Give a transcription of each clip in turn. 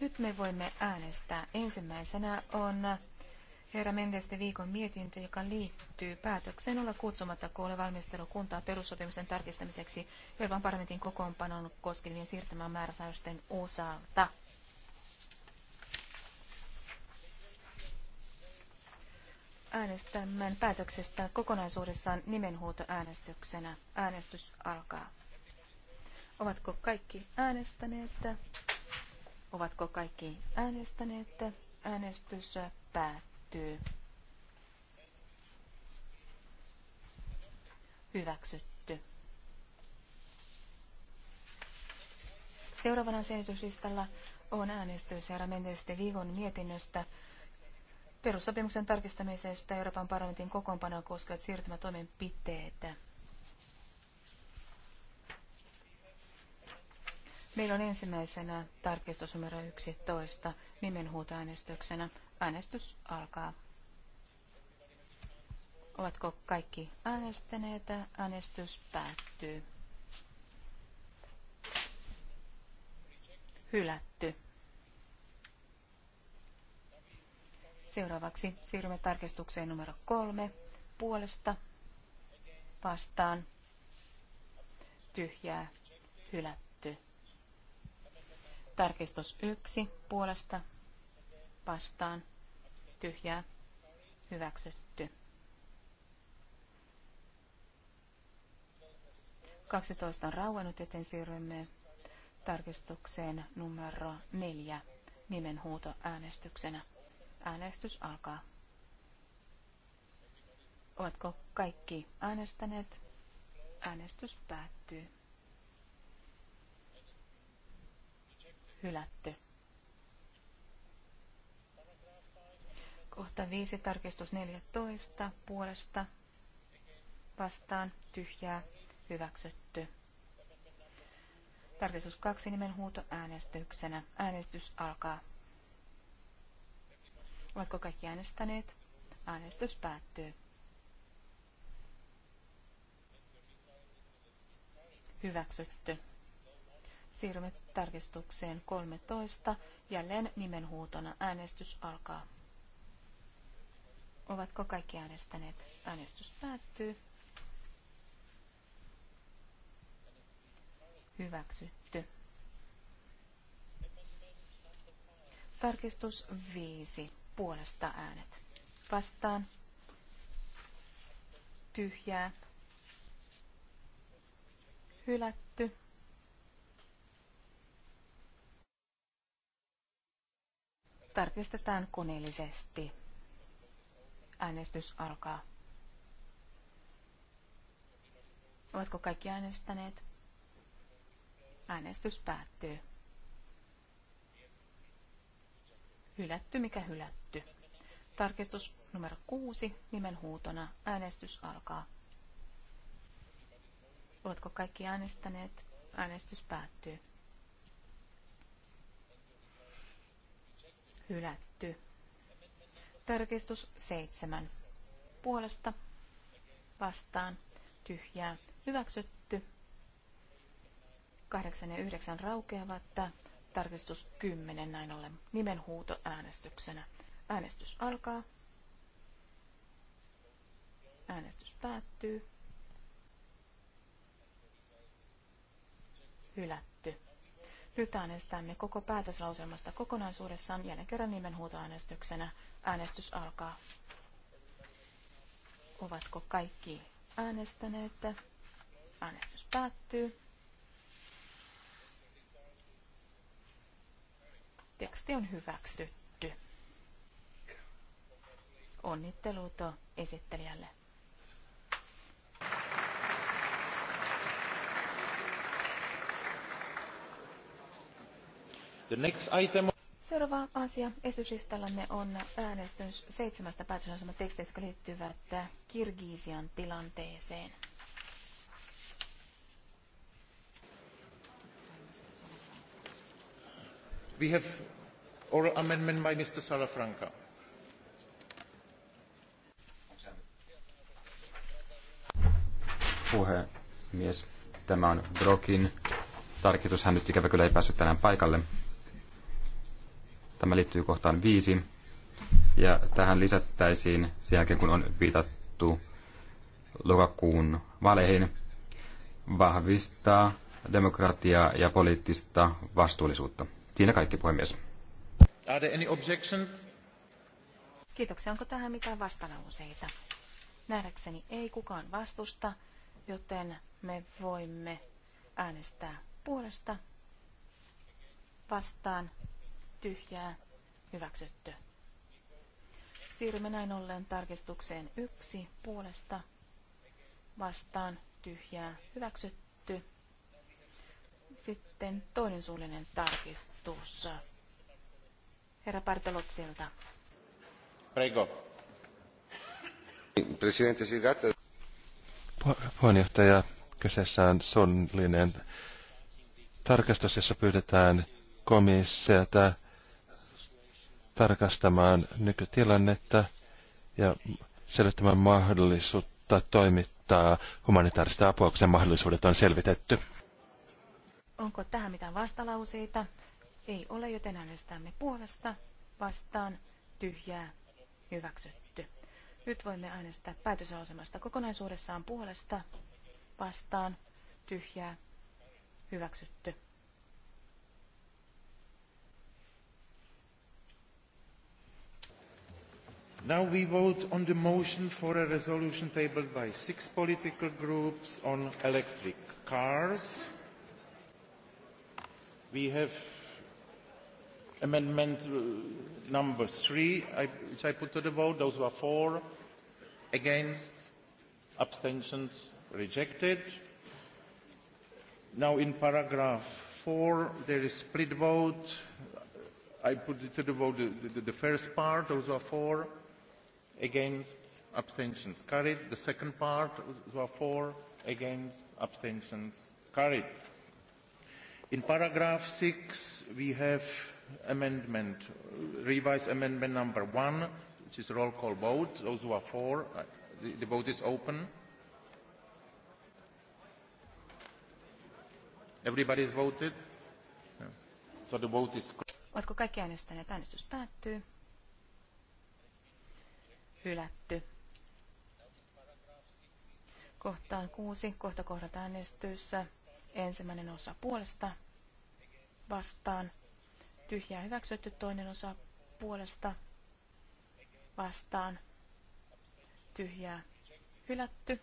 Nyt me voimme äänestää. Ensimmäisenä on herra Mendeste viikon mietintö, joka liittyy päätökseen olla kutsumatta koolle valmistelukuntaa perussopimusten tarkistamiseksi Euroopan parlamentin kokoonpanon koskevien siirtämään määräsäännösten osalta. Äänestämään päätöksestä kokonaisuudessaan nimenhuutoäänestyksenä. Äänestys alkaa. Ovatko kaikki äänestäneet? Ovatko kaikki äänestäneet? Äänestys päättyy. Hyväksytty. Seuraavana selityslistalla on äänestys herra Mendeste Viikon mietinnöstä perussopimuksen tarkistamisesta Euroopan parlamentin kokoonpanoa koskevat siirtymätoimenpiteet. Meillä on ensimmäisenä tarkistus numero 11 nimenhuutoäänestyksenä. Äänestys alkaa. Ovatko kaikki äänestäneet? Äänestys päättyy. Hylätty. Seuraavaksi siirrymme tarkistukseen numero kolme. Puolesta vastaan tyhjää hylätty. Tarkistus yksi puolesta vastaan tyhjää hyväksytty. 12 on rauennut, joten siirrymme tarkistukseen numero 4 nimenhuuto äänestyksenä. Äänestys alkaa. Ovatko kaikki äänestäneet? Äänestys päättyy. hylätty. Kohta 5, tarkistus 14, puolesta vastaan tyhjää hyväksytty. Tarkistus 2 nimenhuuto äänestyksenä. Äänestys alkaa. Oletko kaikki äänestäneet? Äänestys päättyy. Hyväksytty. Siirrymme tarkistukseen 13. Jälleen nimenhuutona äänestys alkaa. Ovatko kaikki äänestäneet? Äänestys päättyy. Hyväksytty. Tarkistus 5. Puolesta äänet. Vastaan. Tyhjää. Hylätty. tarkistetaan koneellisesti. Äänestys alkaa. Ovatko kaikki äänestäneet? Äänestys päättyy. Hylätty mikä hylätty. Tarkistus numero kuusi nimenhuutona. Äänestys alkaa. Ovatko kaikki äänestäneet? Äänestys päättyy. hylätty. Tarkistus 7. Puolesta vastaan tyhjää hyväksytty. 8 ja 9 raukeavat. Tarkistus 10 näin ollen nimenhuuto äänestyksenä. Äänestys alkaa. Äänestys päättyy. Hylätty. Nyt äänestämme koko päätöslauselmasta kokonaisuudessaan jälleen kerran nimenhuutoäänestyksenä. Äänestys alkaa. Ovatko kaikki äänestäneet? Äänestys päättyy. Teksti on hyväksytty. Onnittelut esittelijälle. The next item... Seuraava asia esityslistallamme on äänestys seitsemästä päätösaseman teksteistä, jotka liittyvät Kirgisian tilanteeseen. We have oral amendment by Mr. Salafranca. Puhemies, tämä on Brokin tarkistus. Hän nyt ikävä kyllä ei päässyt tänään paikalle. Tämä liittyy kohtaan viisi. Ja tähän lisättäisiin sen jälkeen, kun on viitattu lokakuun valeihin, vahvistaa demokratiaa ja poliittista vastuullisuutta. Siinä kaikki, puhemies. Are there any objections? Kiitoksia. Onko tähän mitään vastalauseita? Nähdäkseni ei kukaan vastusta, joten me voimme äänestää puolesta vastaan tyhjää, hyväksytty. Siirrymme näin ollen tarkistukseen yksi puolesta vastaan tyhjää, hyväksytty. Sitten toinen suullinen tarkistus. Herra Partalotsilta. Prego. Presidente, Sigata. Puheenjohtaja, kyseessä on suunnillinen tarkastus, jossa pyydetään komissiota tarkastamaan nykytilannetta ja selvittämään mahdollisuutta toimittaa humanitaarista apua, kun sen mahdollisuudet on selvitetty. Onko tähän mitään vastalauseita? Ei ole, joten äänestämme puolesta, vastaan, tyhjää, hyväksytty. Nyt voimme äänestää päätösasemasta kokonaisuudessaan puolesta, vastaan, tyhjää, hyväksytty. Now we vote on the motion for a resolution tabled by six political groups on electric cars. We have amendment uh, number three, I, which I put to the vote. Those who are for, against, abstentions, rejected. Now in paragraph four, there is split vote. I put it to the vote the, the, the first part. Those who are for, against abstentions carried the second part for against abstentions carried in paragraph 6 we have amendment revised amendment number 1 which is roll call vote those who are for uh, the, vote is open Everybody has voted so the vote is Oletko kaikki äänestäneet? Äänestys päättyy hylätty. Kohtaan kuusi, kohta kohdat äänestyssä. Ensimmäinen osa puolesta vastaan. Tyhjää hyväksytty toinen osa puolesta vastaan. Tyhjää hylätty.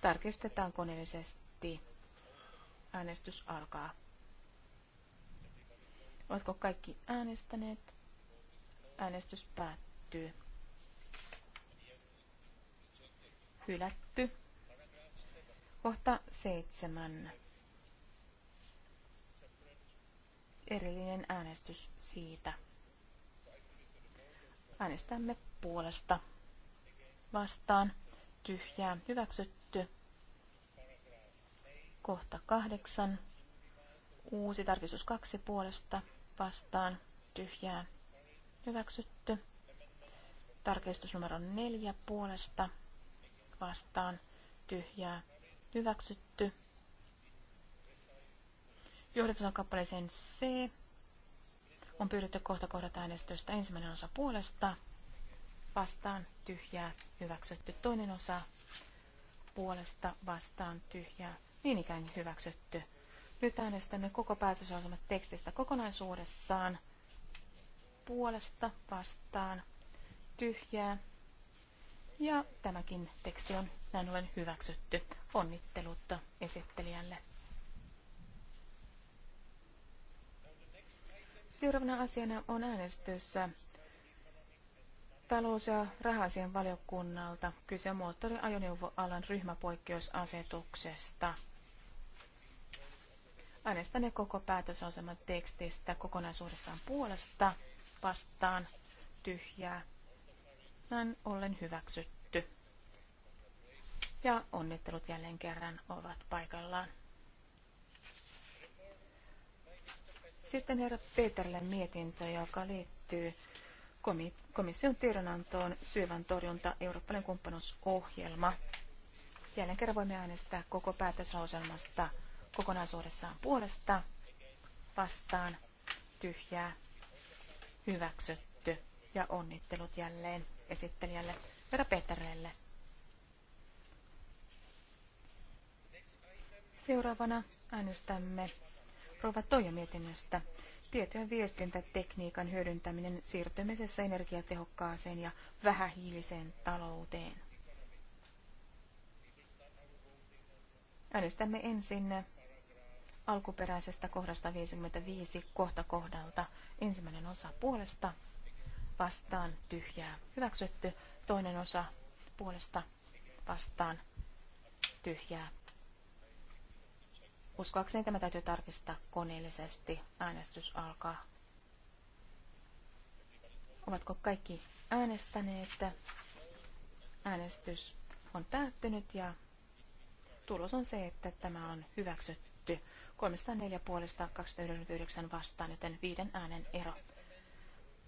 Tarkistetaan koneellisesti. Äänestys alkaa. Oletko kaikki äänestäneet? Äänestys päättyy. Hylätty. Kohta seitsemän. Erillinen äänestys siitä. Äänestämme puolesta. Vastaan. Tyhjää. Hyväksytty. Kohta kahdeksan. Uusi tarkistus kaksi puolesta. Vastaan. Tyhjää Hyväksytty. Tarkistus numero neljä puolesta vastaan tyhjää. Hyväksytty. Johdatetaan kappaleeseen C. On pyydetty kohta kohdata äänestystä ensimmäinen osa puolesta. Vastaan tyhjää. Hyväksytty toinen osa puolesta vastaan tyhjää. Niin ikään hyväksytty. Nyt äänestämme koko päätösosamasta tekstistä kokonaisuudessaan puolesta vastaan tyhjää. Ja tämäkin teksti on näin ollen hyväksytty. Onnittelutta esittelijälle. Seuraavana asiana on äänestys talous- ja rahasien valiokunnalta. Kyse moottoriajoneuvoalan ryhmäpoikkeusasetuksesta. Äänestämme koko päätösaseman tekstistä kokonaisuudessaan puolesta vastaan tyhjää. Näin ollen hyväksytty. Ja onnittelut jälleen kerran ovat paikallaan. Sitten herra Peterille mietintö, joka liittyy komission tiedonantoon syövän torjunta Eurooppalainen kumppanuusohjelma. Jälleen kerran voimme äänestää koko päätöslauselmasta kokonaisuudessaan puolesta vastaan tyhjää hyväksytty. Ja onnittelut jälleen esittelijälle Vera Peterelle. Seuraavana äänestämme Rova Toija mietinnöstä. Tieto- ja viestintätekniikan hyödyntäminen siirtymisessä energiatehokkaaseen ja vähähiiliseen talouteen. Äänestämme ensin alkuperäisestä kohdasta 55 kohta kohdalta. Ensimmäinen osa puolesta vastaan tyhjää hyväksytty. Toinen osa puolesta vastaan tyhjää. Uskoakseni tämä täytyy tarkistaa koneellisesti. Äänestys alkaa. Ovatko kaikki äänestäneet? Äänestys on päättynyt ja tulos on se, että tämä on hyväksytty hylätty. 304 puolesta 299 vastaan, joten viiden äänen ero.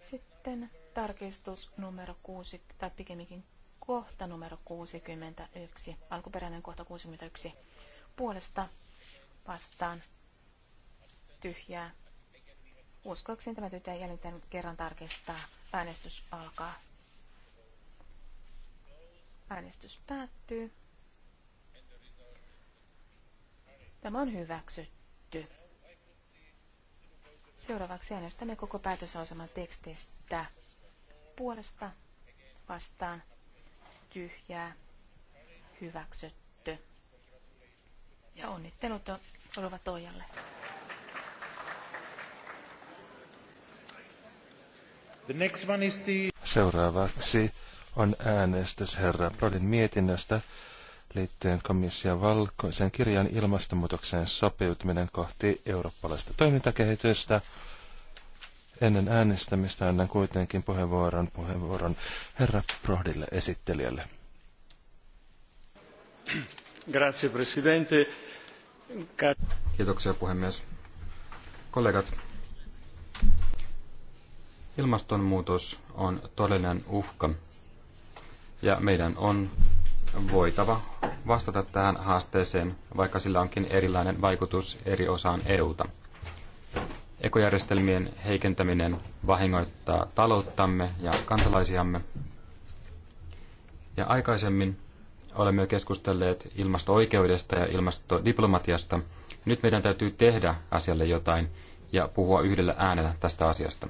Sitten tarkistus numero 6, tai pikemminkin kohta numero 61, alkuperäinen kohta 61, puolesta vastaan tyhjää. Uskoakseni tämä tytär jälleen kerran tarkistaa. Äänestys alkaa. Äänestys päättyy. Tämä on hyväksytty. Seuraavaksi äänestämme koko päätösosaman tekstistä puolesta vastaan tyhjää hyväksytty. Ja onnittelut ovat Toijalle. The next one is the... Seuraavaksi on äänestys herra Brodin mietinnöstä liittyen komission valkoisen kirjan ilmastonmuutokseen sopeutuminen kohti eurooppalaista toimintakehitystä. Ennen äänestämistä annan kuitenkin puheenvuoron, puheenvuoron herra Prohdille esittelijälle. Grazie, presidente. Kiitoksia puhemies. Kollegat, ilmastonmuutos on todellinen uhka ja meidän on voitava vastata tähän haasteeseen, vaikka sillä onkin erilainen vaikutus eri osaan EUta. Ekojärjestelmien heikentäminen vahingoittaa talouttamme ja kansalaisiamme. Ja aikaisemmin olemme jo keskustelleet ilmasto-oikeudesta ja ilmastodiplomatiasta. Nyt meidän täytyy tehdä asialle jotain ja puhua yhdellä äänellä tästä asiasta.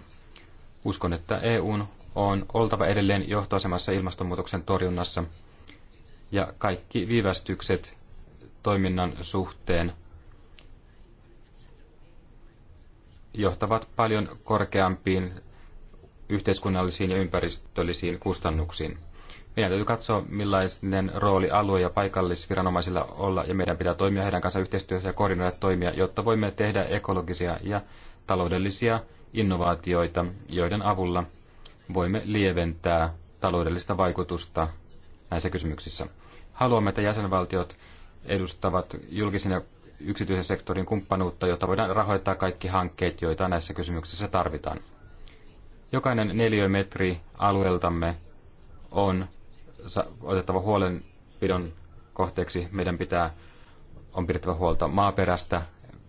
Uskon, että EUn on oltava edelleen johtoasemassa ilmastonmuutoksen torjunnassa – ja kaikki viivästykset toiminnan suhteen johtavat paljon korkeampiin yhteiskunnallisiin ja ympäristöllisiin kustannuksiin. Meidän täytyy katsoa, millainen rooli alue- ja paikallisviranomaisilla olla, ja meidän pitää toimia heidän kanssa yhteistyössä ja koordinoida toimia, jotta voimme tehdä ekologisia ja taloudellisia innovaatioita, joiden avulla voimme lieventää taloudellista vaikutusta näissä kysymyksissä. Haluamme, että jäsenvaltiot edustavat julkisen ja yksityisen sektorin kumppanuutta, jotta voidaan rahoittaa kaikki hankkeet, joita näissä kysymyksissä tarvitaan. Jokainen neliömetri alueeltamme on otettava huolenpidon kohteeksi. Meidän pitää on pidettävä huolta maaperästä,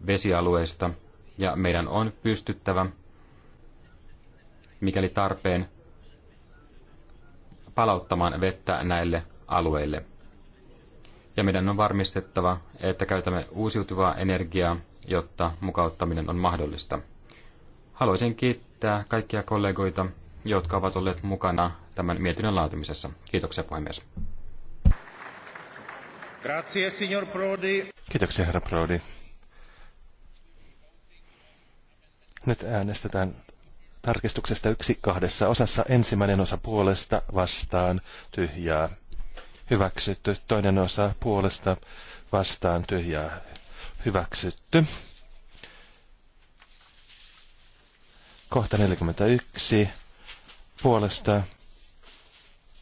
vesialueista ja meidän on pystyttävä, mikäli tarpeen, palauttamaan vettä näille alueille. Ja meidän on varmistettava, että käytämme uusiutuvaa energiaa, jotta mukauttaminen on mahdollista. Haluaisin kiittää kaikkia kollegoita, jotka ovat olleet mukana tämän mietinnön laatimisessa. Kiitoksia puhemies. Grazie, signor Prodi. Kiitoksia, herra Prodi. Nyt äänestetään tarkistuksesta yksi kahdessa osassa ensimmäinen osa puolesta vastaan tyhjää. Hyväksytty. Toinen osa puolesta vastaan tyhjää. Hyväksytty. Kohta 41. Puolesta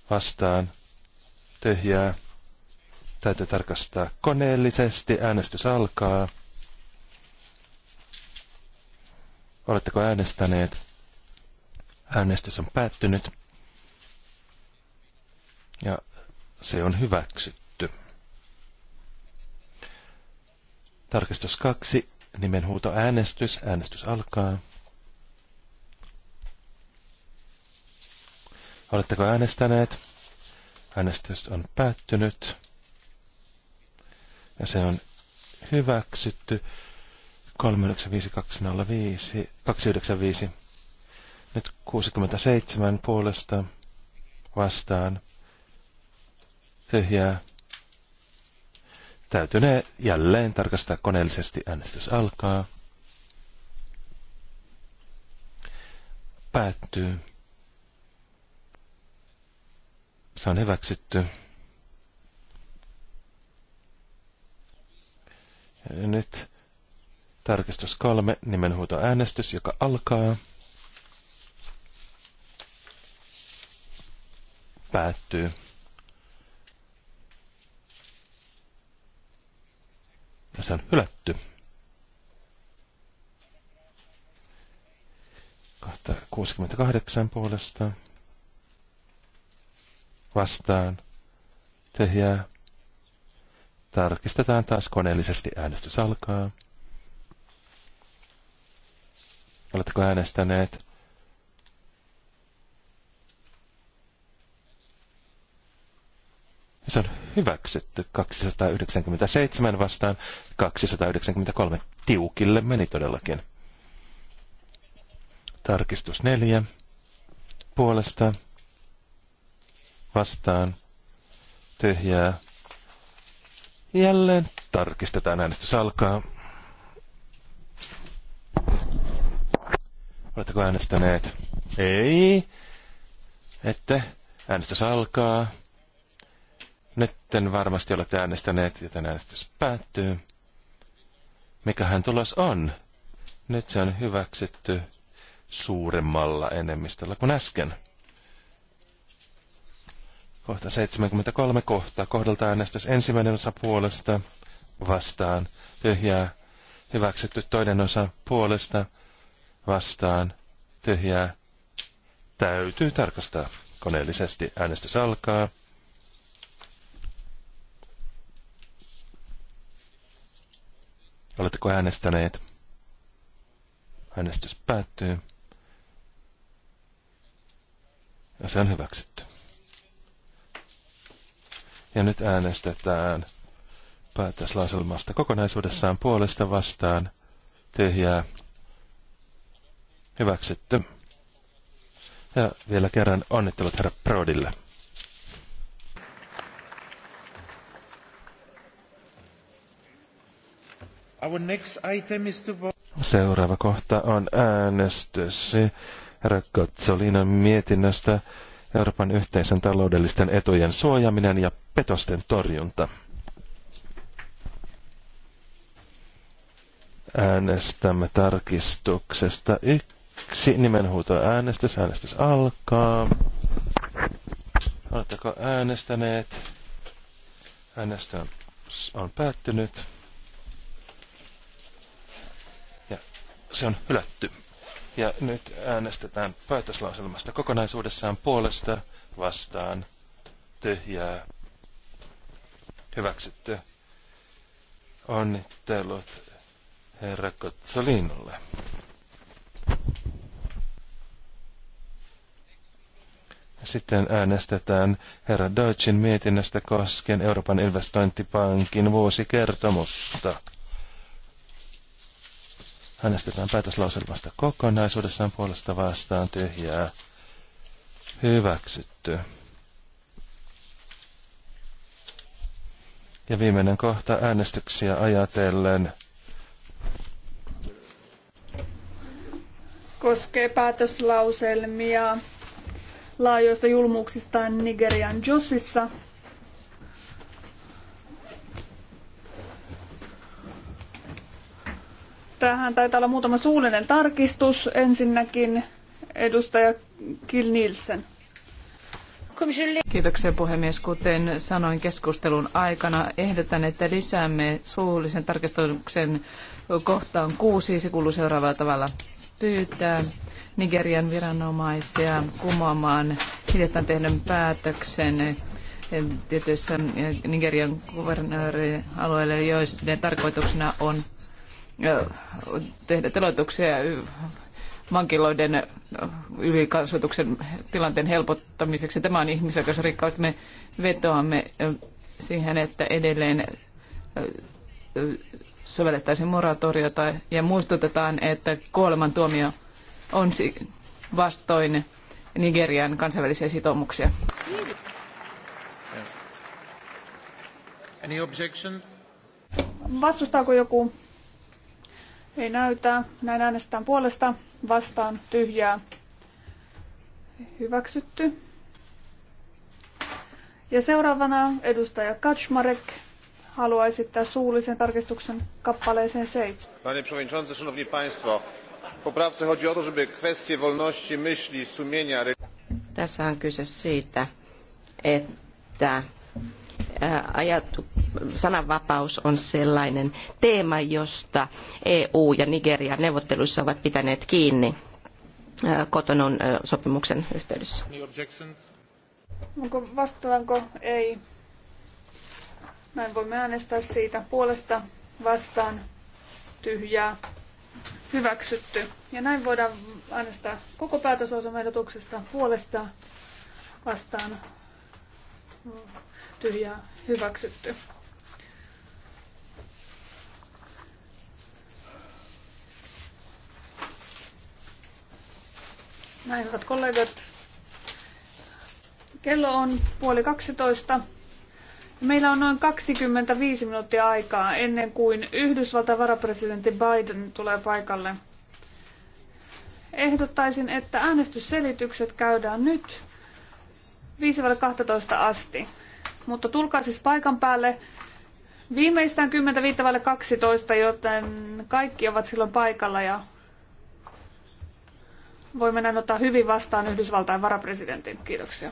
vastaan tyhjää. Täytyy tarkastaa koneellisesti. Äänestys alkaa. Oletteko äänestäneet? Äänestys on päättynyt. Ja se on hyväksytty. Tarkistus 2. Nimenhuuto äänestys. Äänestys alkaa. Oletteko äänestäneet? Äänestys on päättynyt. Ja se on hyväksytty 395205 295 nyt 67 puolesta vastaan. Tyhjää. ne jälleen tarkastaa koneellisesti. Äänestys alkaa. Päättyy. Se on hyväksytty. Ja nyt tarkistus kolme, nimenhuutoäänestys, joka alkaa. päättyy. Ja se on hylätty. Kohta 68 puolesta vastaan tehjää. Tarkistetaan taas koneellisesti äänestys alkaa. Oletteko äänestäneet? se on hyväksytty 297 vastaan 293. Tiukille meni todellakin. Tarkistus 4. Puolesta vastaan tyhjää. Jälleen tarkistetaan äänestys alkaa. Oletteko äänestäneet? Ei. Ette. Äänestys alkaa. Nyt varmasti olette äänestäneet, joten äänestys päättyy. Mikähän tulos on? Nyt se on hyväksytty suuremmalla enemmistöllä kuin äsken. Kohta 73 kohtaa. Kohdalta äänestys ensimmäinen osa puolesta vastaan. Tyhjää. Hyväksytty toinen osa puolesta vastaan. Tyhjää. Täytyy tarkastaa koneellisesti. Äänestys alkaa. Oletteko äänestäneet? Äänestys päättyy. Ja se on hyväksytty. Ja nyt äänestetään päätöslaselmasta kokonaisuudessaan puolesta vastaan. Tyhjää. Hyväksytty. Ja vielä kerran onnittelut herra Prodille. Seuraava kohta on äänestys herra mietinnöstä Euroopan yhteisen taloudellisten etujen suojaaminen ja petosten torjunta. Äänestämme tarkistuksesta yksi nimenhuuto äänestys. Äänestys alkaa. Oletteko äänestäneet? Äänestys on päättynyt. se on hylätty. Ja nyt äänestetään päätöslauselmasta kokonaisuudessaan puolesta vastaan tyhjää hyväksytty. Onnittelut herra Kotsalinolle. Sitten äänestetään herra Deutschin mietinnöstä koskien Euroopan investointipankin vuosikertomusta. Äänestetään päätöslauselmasta kokonaisuudessaan puolesta vastaan tyhjää. Hyväksytty. Ja viimeinen kohta äänestyksiä ajatellen. Koskee päätöslauselmia laajoista julmuuksista Nigerian Jossissa. Tähän taitaa olla muutama suullinen tarkistus. Ensinnäkin edustaja Kil Nielsen. Kiitoksia puhemies. Kuten sanoin keskustelun aikana, ehdotan, että lisäämme suullisen tarkistuksen kohtaan kuusi. Se kuuluu seuraavalla tavalla. Pyytää Nigerian viranomaisia kumoamaan hiljattain tehdyn päätöksen tietyissä Nigerian alueille, joiden tarkoituksena on tehdä teloituksia vankiloiden ylikasvatuksen tilanteen helpottamiseksi. Tämä on ihmisoikeusrikkaus. Me vetoamme siihen, että edelleen sovellettaisiin moratoriota ja muistutetaan, että kuolemantuomio on vastoin Nigerian kansainvälisiä sitoumuksia. Vastustaako joku ei näytä. Näin äänestetään puolesta. Vastaan tyhjää. Hyväksytty. Ja seuraavana edustaja Kaczmarek haluaa esittää suullisen tarkistuksen kappaleeseen 7. Panie przewodniczący, szanowni państwo, poprawce chodzi o to, żeby kwestie wolności myśli, sumienia... Tässä on kyse siitä, että e, ajatu, sananvapaus on sellainen teema, josta EU ja Nigeria neuvotteluissa ovat pitäneet kiinni äh, kotonon äh, sopimuksen yhteydessä. Onko vastaanko? Ei. Näin voimme äänestää siitä puolesta vastaan tyhjää hyväksytty. Ja näin voidaan äänestää koko päätöslausumaehdotuksesta puolesta vastaan tyhjää hyväksytty. Näin, hyvät kollegat. Kello on puoli 12. Meillä on noin 25 minuuttia aikaa ennen kuin Yhdysvaltain varapresidentti Biden tulee paikalle. Ehdottaisin, että äänestysselitykset käydään nyt 5.12 asti. Mutta tulkaa siis paikan päälle viimeistään 10.12, joten kaikki ovat silloin paikalla ja voimme näin ottaa hyvin vastaan Yhdysvaltain varapresidentin. Kiitoksia.